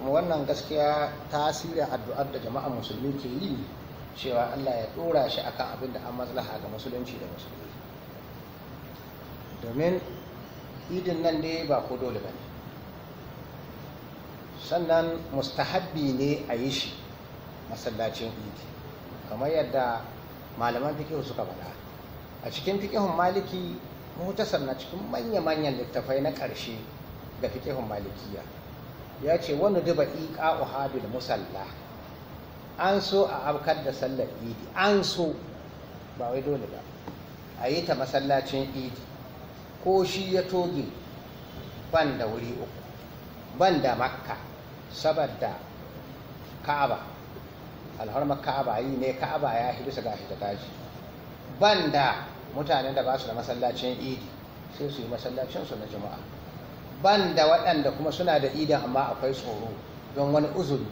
kuma wannan gaskiya tasirin addu'ar da jama'a musulmi ke yi cewa Allah ya dora shi akan abin da an maslaha ga musulunci da musulmi domin idin nan ne ba ko dole ba ne sannan mustahabbi ne a yi shi masallacin idi kamar yadda malaman fikihu suka faɗa a cikin fikihun maliki mutasar na cikin manya-manyan littafai na ƙarshe da fikihun malikiya ya ce wani duba iƙa uhabil musalla an so a abkar da sallar idi an so ba wai dole ba a yi ta masallacin idi ko shi ya toge ban da wuri uku ban da makka saboda ka'aba alharmar ka'aba yi ne ka'aba ya shi bisa gashi da gashi ban da mutanen da ba su da masallacin idi sai su yi masallacinsu na jama'a. ban da waɗanda kuma suna da idan amma akwai tsoro don wani uzuri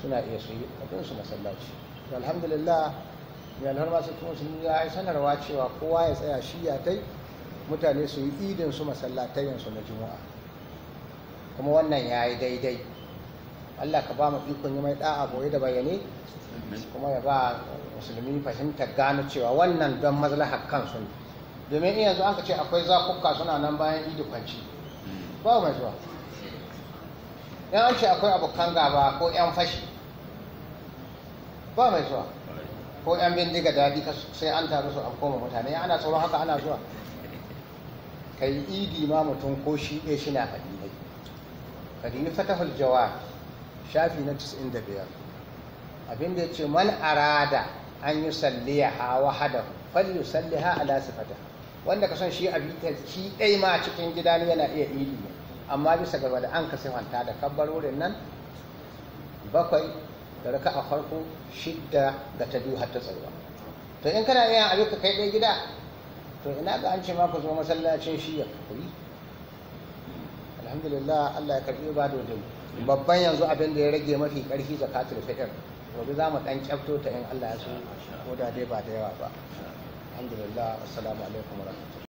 suna iya su yi su masallaci alhamdulillah mai alhar su kuma sun ya yi sanarwa cewa kowa ya tsaya shi ya tai mutane su yi idin su masallatayen su na juma'a kuma wannan ya yi daidai allah ka ba mu ikon yi mai da'a boye da bayane kuma ya ba musulmi fahimtar gano cewa wannan don mazlahar kansu domin yanzu aka ce akwai zakuka suna nan bayan idi kwanci ba mai zuwa yan an ce akwai abokan gaba ko yan fashi ba mai zuwa ko yan bindiga daɗi sai an taru su an koma mutane ana tsoron haka ana zuwa yi idi ma mutum ko shi ɗaya shi na hadinai hadinai fatahul jawab shafi na 95 abinda ya ce man arada an yi salliya ha wahadahu fal yusalliha ala sifatiha wanda ka son shi a bitar shi ɗai ma cikin gida ne yana iya idi ne amma bisa gaba da an ka sifanta da wurin nan bakwai da raka a farko shidda ga ta biyu har ta tsarwa to in kana yi abin ka kai ɗaya gida to ina ga an ce ma ku zo masallacin shi ya kuri alhamdulillah Allah ya karbi ba da babban yanzu abin da ya rage mafi karfi zakatul fitr gobe za mu dan kyafto ta in Allah ya so ko da dai ba da yawa ba alhamdulillah assalamu alaikum warahmatullahi